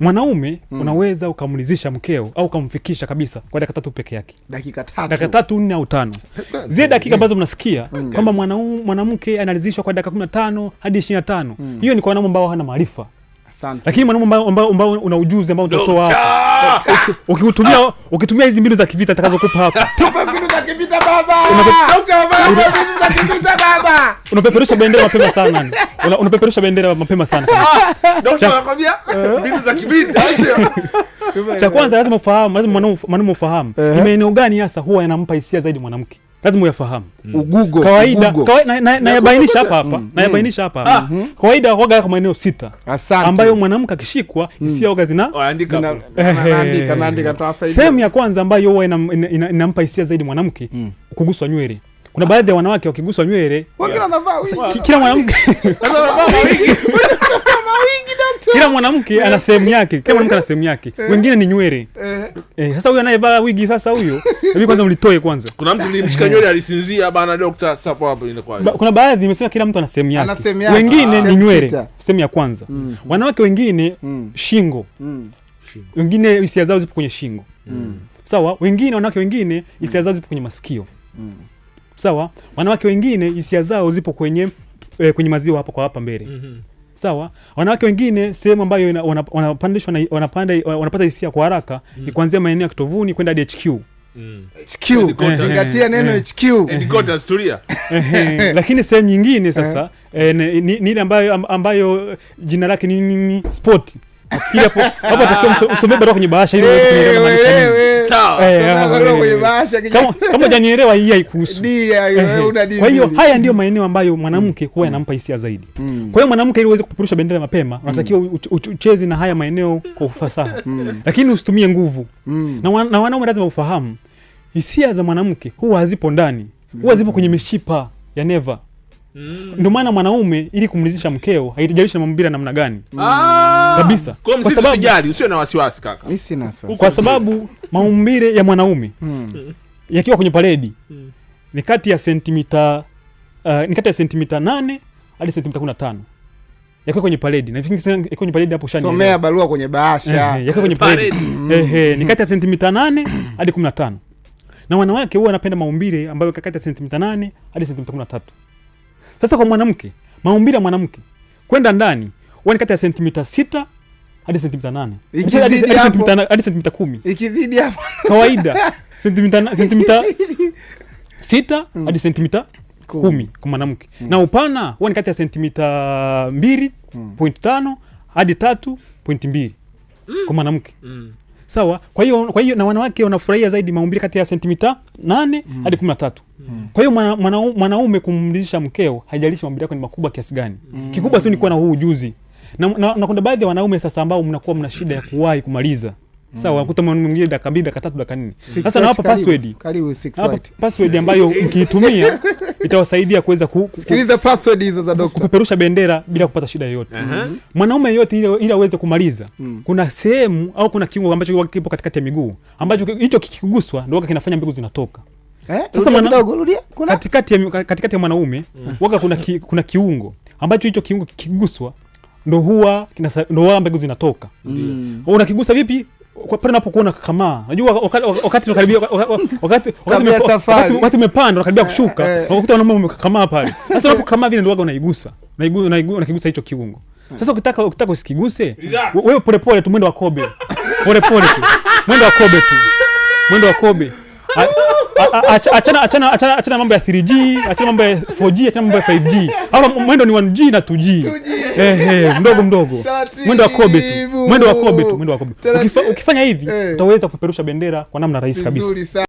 mwanaume mm. unaweza ukamlizisha mkeo au ukamfikisha kabisa kwa dakika tatu peke yake, dakika tatu, nne au tano, zile dakika ambazo mnasikia mm. kwamba mwanamke analizishwa kwa dakika kumi na tano hadi ishirini na tano mm. hiyo ni kwa wanaume ambao hana maarifa lakini mwanaume ambao una ujuzi ambao utatoa ukitumia hizi mbinu za kivita nitakazokupa hapa utakipita baba, baba. Unapeperusha bendera mapema sana, unapeperusha bendera mapema sana. mbinu za sio cha kwanza. Lazima ufahamu, lazima ufahamu ni maeneo gani hasa huwa yanampa hisia zaidi mwanamke lazima uyafahamu mm. ugugo nayabainisha hapa hapa mm. nayabainisha hapa mm. kawaida waga yako maeneo sita ambayo mwanamke akishikwa hisia waga zinasehemu oh, eh. ya kwanza ambayo huwa inampa hisia zaidi mwanamke kuguswa nywele kuna baadhi ya wanawake wakiguswa nywele kila mwanamke kila mwanamke ana sehemu yake, kila mwanamke ana sehemu yake. Eh. Wengine ni nywele eh. eh sasa huyo anayevaa wigi, sasa huyo hivi, kwanza mlitoe kwanza. Kuna mtu nilimshika eh. nywele alisinzia bana, doctor sapo hapo inakuwa ba, kuna baadhi nimesema kila mtu ana sehemu yake, wengine ni nywele, sehemu ya kwanza. Mm. Wanawake wengine mm. shingo mm. wengine hisia zao zipo kwenye shingo sawa. Wengine wanawake wengine hisia zao zipo kwenye masikio sawa. Wanawake wengine hisia zao zipo kwenye kwenye maziwa hapo kwa hapa mbele mm -hmm sawa. Wanawake wengine sehemu ambayo wanapandishwa wanapanda wanapata hisia kwa haraka mm. ni kuanzia maeneo ya kitovuni kwenda hadi HQ mm. zingatia neno HQ lakini sehemu nyingine sasa eh, ni ile ambayo, ambayo eh, jina lake ni nini sport hapo barua kwenye bahasha ili Eh, eh, kama janielewa hii haikuhusu. Eh, kwa hiyo haya ndio maeneo ambayo mwanamke mm. huwa yanampa hisia zaidi. Mm. Kwa hiyo mwanamke, ili uweze kupeperusha bendera mapema, mm. unatakiwa ucheze na haya maeneo kwa ufasaha, lakini usitumie nguvu, na wanaume lazima ufahamu hisia za mwanamke huwa hazipo ndani, huwa zipo kwenye mishipa ya neva Mm. Ndio maana mwanaume ili kumridhisha mkeo haitajalishi mambira namna gani. Ah. Kabisa. Kwa, kwa sababu sijali, usio na wasiwasi kaka. Mimi sina wasiwasi. Kwa sababu maumbile ya mwanaume mm. yakiwa kwenye paredi mm. ni kati ya sentimita uh, ni kati ya sentimita 8 hadi sentimita 15 yakiwa kwenye paredi na vingi sana kwenye paredi hapo shani. Somea barua kwenye bahasha. Eh, yakiwa kwenye paredi. Eh, ni kati ya sentimita 8 hadi 15. Na wanawake huwa wanapenda maumbile ambayo kati ya sentimita 8 hadi sentimita 13. Sasa kwa mwanamke, maumbili ya mwanamke kwenda ndani wani kati ya sentimita sita hadi sentimita nane hadi sentimita kumi ikizidi hapo kawaida sentimita sita hmm. hadi sentimita kumi kwa mwanamke hmm. na upana huwa ni kati ya sentimita mbili hmm. point tano hadi tatu point mbili hmm. kwa mwanamke hmm sawa. Kwa hiyo kwa hiyo na wanawake wanafurahia zaidi maumbili kati ya sentimita nane mm. hadi kumi na tatu mm. kwa hiyo mwanaume mana, mana, kumridhisha mkeo, haijalishi mambili yako ni makubwa kiasi gani mm. kikubwa tu ni kuwa na huu ujuzi na, na, na kuna baadhi ya wanaume sasa ambao mnakuwa mna shida ya kuwahi kumaliza sawa mm. kuta mwingine daka mbili daka tatu daka nne sasa nawapa password ambayo mkiitumia itawasaidia kuweza ku, kupeperusha bendera bila kupata shida yoyote mm-hmm. mwanaume yote ili, aweze kumaliza mm. kuna sehemu au kuna kiungo ambacho kipo katikati ya miguu ambacho hicho kikiguswa ndo waka kinafanya mbegu zinatoka eh? katikati ya mwanaume mm. waka kuna kiungo ambacho hicho kiungo kikiguswa ndo huwa ndo huwa mbegu zinatoka mm. unakigusa vipi kwa pale kakamaa, wakati umepanda eh, kushuka, eh. wanaume pale. Sasa unapokamaa vile unaigusa, hicho kiungo. Sasa ukitaka ukitaka usikiguse wewe, polepole tu, mwendo wa kobe, polepole tu, mwendo wa kobe tu, mwendo wa kobe achana mambo ya 3G, achana mambo ya 4G, achana mambo ya 5G. Hapa mwendo ni 1G na 2G. 2G mdogo mdogo, mwendo wa kobe tu, mwendo wa kobe tu, mwendo wa kobe. Ukifanya hivi eh. utaweza kupeperusha bendera kwa namna rahisi kabisa.